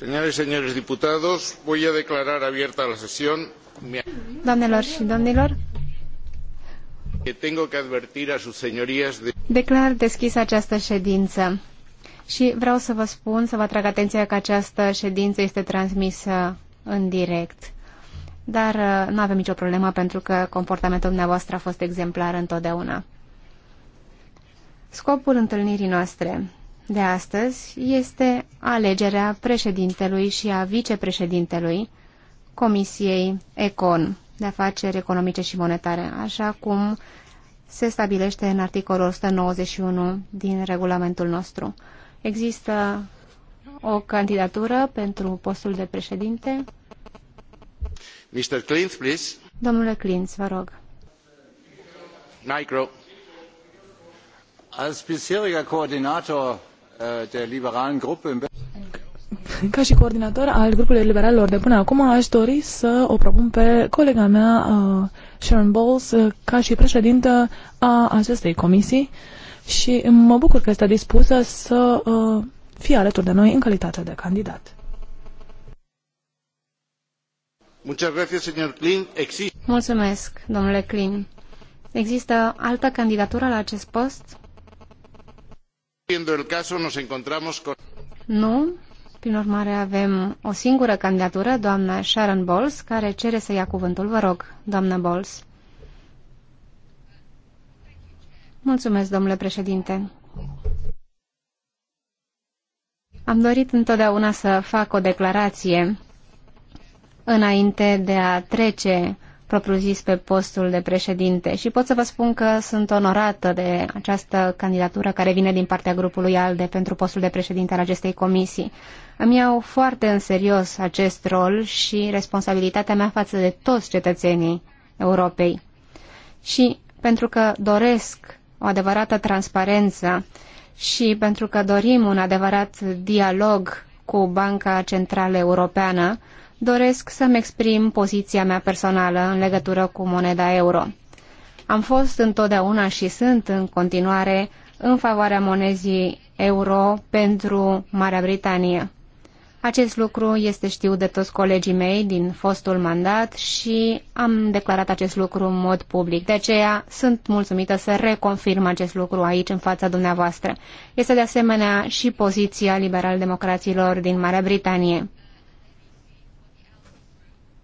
Señores, señores diputados, voy a declarar abierta la sesión. Doamnelor și domnilor, que tengo que advertir a sus señorías de... Declar deschis această ședință și vreau să vă spun, să vă atrag atenția că această ședință este transmisă în direct. Dar uh, nu avem nicio problemă pentru că comportamentul dumneavoastră a fost exemplar întotdeauna. Scopul întâlnirii noastre de astăzi este alegerea președintelui și a vicepreședintelui Comisiei Econ de afaceri economice și monetare, așa cum se stabilește în articolul 191 din regulamentul nostru. Există o candidatură pentru postul de președinte. Mr. Clint, please. Domnule Clint, vă rog. Micro. As bisheriger coordinator ca și coordonator al grupului liberalilor de până acum, a dori să o propun pe colega mea, uh, Sharon Bowles, uh, ca și președintă a acestei comisii și mă bucur că este dispusă să uh, fie alături de noi în calitate de candidat. Mulțumesc, domnule Clin. Există altă candidatură la acest post? Nu. Prin urmare, avem o singură candidatură, doamna Sharon Bowles, care cere să ia cuvântul. Vă rog, doamna Bowles. Mulțumesc, domnule președinte. Am dorit întotdeauna să fac o declarație înainte de a trece propriu-zis pe postul de președinte și pot să vă spun că sunt onorată de această candidatură care vine din partea grupului ALDE pentru postul de președinte al acestei comisii. Îmi iau foarte în serios acest rol și responsabilitatea mea față de toți cetățenii Europei. Și pentru că doresc o adevărată transparență și pentru că dorim un adevărat dialog cu Banca Centrală Europeană, doresc să-mi exprim poziția mea personală în legătură cu moneda euro. Am fost întotdeauna și sunt în continuare în favoarea monezii euro pentru Marea Britanie. Acest lucru este știut de toți colegii mei din fostul mandat și am declarat acest lucru în mod public. De aceea sunt mulțumită să reconfirm acest lucru aici în fața dumneavoastră. Este de asemenea și poziția liberal-democraților din Marea Britanie.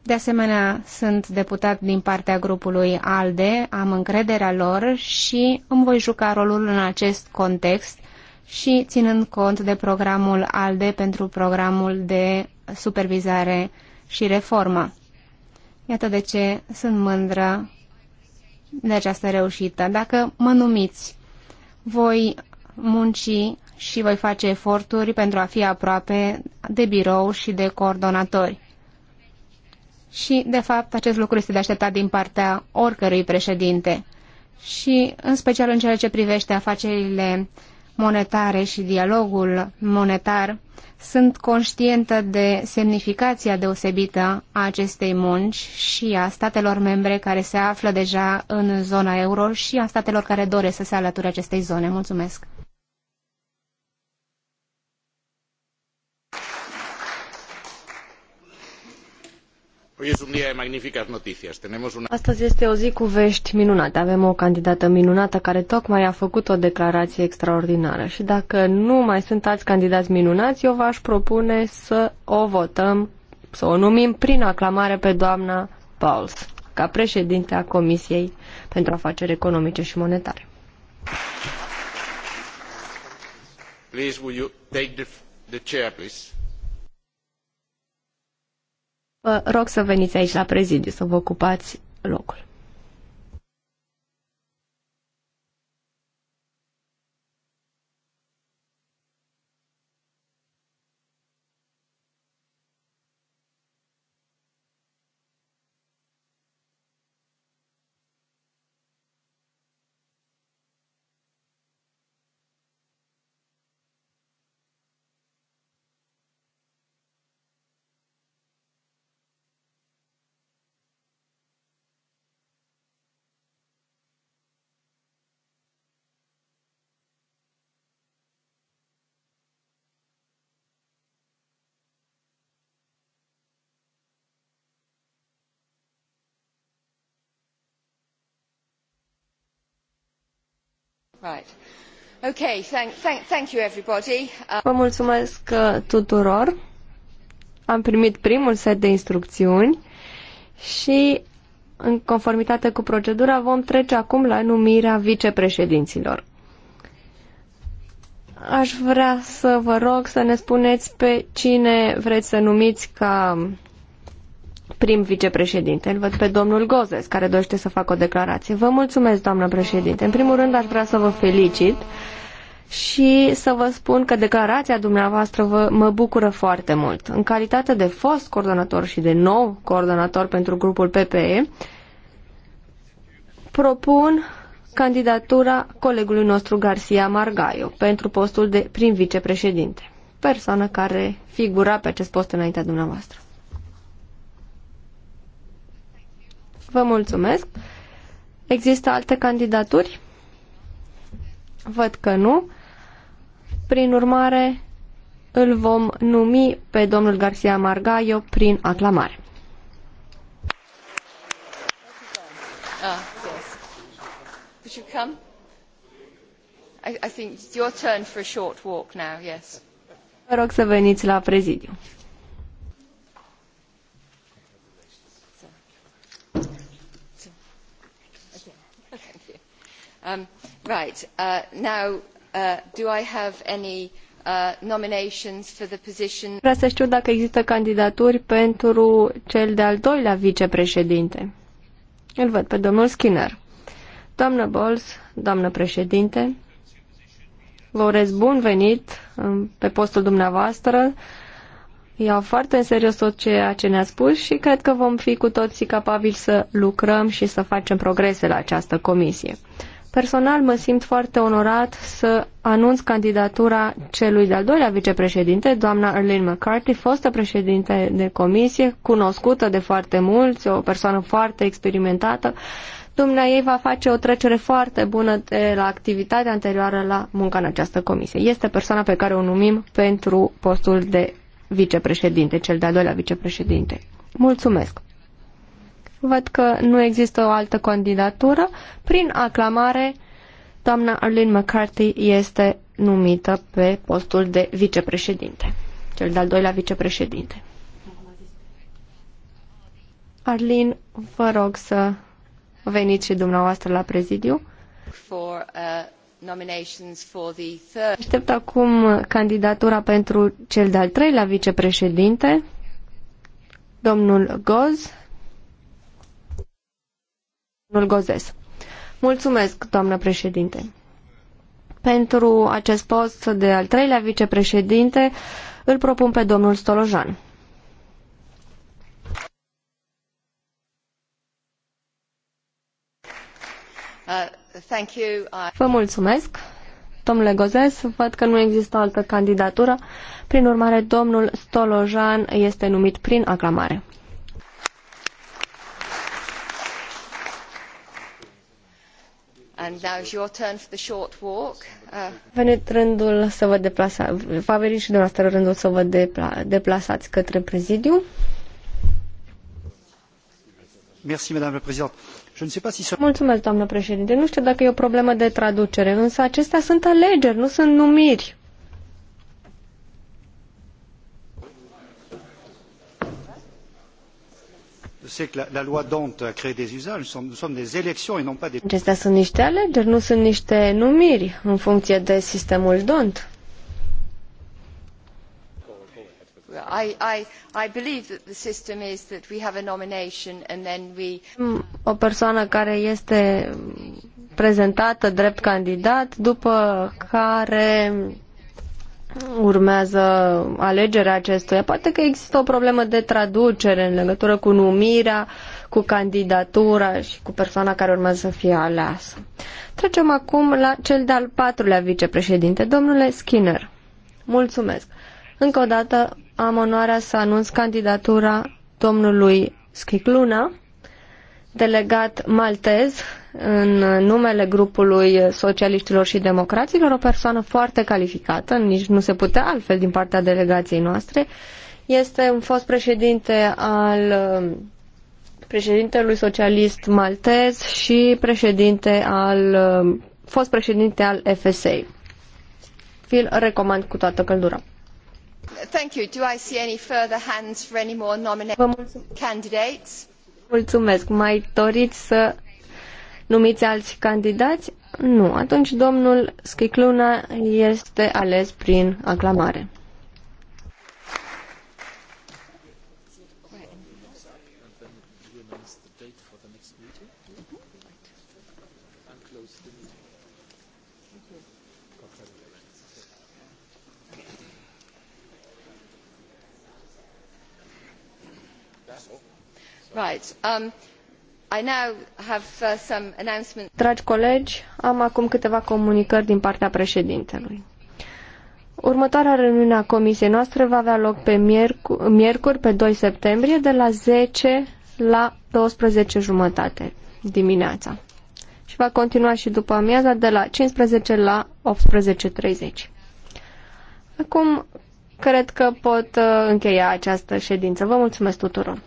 De asemenea, sunt deputat din partea grupului ALDE, am încrederea lor și îmi voi juca rolul în acest context și ținând cont de programul ALDE pentru programul de supervizare și reformă. Iată de ce sunt mândră de această reușită. Dacă mă numiți, voi munci și voi face eforturi pentru a fi aproape de birou și de coordonatori și, de fapt, acest lucru este de așteptat din partea oricărui președinte și, în special în ceea ce privește afacerile monetare și dialogul monetar, sunt conștientă de semnificația deosebită a acestei munci și a statelor membre care se află deja în zona euro și a statelor care doresc să se alăture acestei zone. Mulțumesc! Astăzi este o zi cu vești minunate. Avem o candidată minunată care tocmai a făcut o declarație extraordinară și dacă nu mai sunt alți candidați minunați, eu v-aș propune să o votăm, să o numim prin aclamare pe doamna Pauls ca președinte a Comisiei pentru Afaceri Economice și Monetare. Please, will you take the, the chair, please? Vă rog să veniți aici la prezidiu, să vă ocupați locul. Uh, vă mulțumesc uh, tuturor. Am primit primul set de instrucțiuni și în conformitate cu procedura vom trece acum la numirea vicepreședinților. Aș vrea să vă rog să ne spuneți pe cine vreți să numiți ca prim vicepreședinte. Îl văd pe domnul Gozes, care dorește să facă o declarație. Vă mulțumesc, doamnă președinte. În primul rând, aș vrea să vă felicit și să vă spun că declarația dumneavoastră vă, mă bucură foarte mult. În calitate de fost coordonator și de nou coordonator pentru grupul PPE, propun candidatura colegului nostru Garcia Margaio pentru postul de prim vicepreședinte, persoană care figura pe acest post înaintea dumneavoastră. Vă mulțumesc. Există alte candidaturi? Văd că nu. Prin urmare, îl vom numi pe domnul Garcia Margaio prin aclamare. Ah, yes. I, I think it's your turn for a short walk now, yes. Vă rog să veniți la prezidiu. Right. Uh, now, uh, do I have any uh, nominations for the position? Vreau să știu dacă există candidaturi pentru cel de-al doilea vicepreședinte. Îl văd pe domnul Skinner. Doamnă Bols, doamnă președinte, vă urez bun venit um, pe postul dumneavoastră. Iau foarte în serios tot ceea ce ne-a spus și cred că vom fi cu toții capabili să lucrăm și să facem progrese la această comisie. Personal mă simt foarte onorat să anunț candidatura celui de-al doilea vicepreședinte, doamna Erlin McCarthy, fostă președinte de comisie, cunoscută de foarte mulți, o persoană foarte experimentată. Dumnea ei va face o trecere foarte bună de la activitatea anterioară la munca în această comisie. Este persoana pe care o numim pentru postul de vicepreședinte, cel de-al doilea vicepreședinte. Mulțumesc! Văd că nu există o altă candidatură. Prin aclamare, doamna Arlene McCarthy este numită pe postul de vicepreședinte, cel de-al doilea vicepreședinte. Arlene, vă rog să veniți și dumneavoastră la prezidiu. For, uh, Aștept acum candidatura pentru cel de-al treilea vicepreședinte, domnul Goz. Domnul Gozes. Mulțumesc, doamnă președinte. Pentru acest post de al treilea vicepreședinte îl propun pe domnul Stolojan. Uh, Vă mulțumesc. Domnule Gozes, văd că nu există altă candidatură. Prin urmare, domnul Stolojan este numit prin aclamare. And now is your turn for the short walk. Uh... Venit rândul să vă deplasați, va veni și dumneavoastră rândul să vă depla- deplasați către prezidiu. Merci, Madame la Présidente. Mulțumesc, doamnă președinte. Nu știu dacă e o problemă de traducere, însă acestea sunt alegeri, nu sunt numiri. c'est que la, la loi Dante Acestea sunt niște alegeri, nu sunt niște numiri în funcție de sistemul Dante. I, I, I believe that the system is that we have a nomination and then we... O persoană care este prezentată drept candidat, după care urmează alegerea acestuia. Poate că există o problemă de traducere în legătură cu numirea, cu candidatura și cu persoana care urmează să fie aleasă. Trecem acum la cel de-al patrulea vicepreședinte, domnule Skinner. Mulțumesc. Încă o dată am onoarea să anunț candidatura domnului Schicluna, delegat maltez în numele grupului socialiștilor și democraților, o persoană foarte calificată, nici nu se putea altfel din partea delegației noastre. Este un fost președinte al președintelui socialist maltez și președinte al fost președinte al FSA. Fil, recomand cu toată căldura. Thank you. Do I see any further hands for any more nominated candidates? Mulțumesc. Mai doriți să numiți alți candidați? Nu. Atunci domnul Schicluna este ales prin aclamare. Right. Um, Uh, Dragi colegi, am acum câteva comunicări din partea președintelui. Următoarea reuniune a comisiei noastre va avea loc pe miercuri, miercuri pe 2 septembrie de la 10 la 12 jumătate dimineața și va continua și după amiaza de la 15 la 18.30. Acum cred că pot uh, încheia această ședință. Vă mulțumesc tuturor!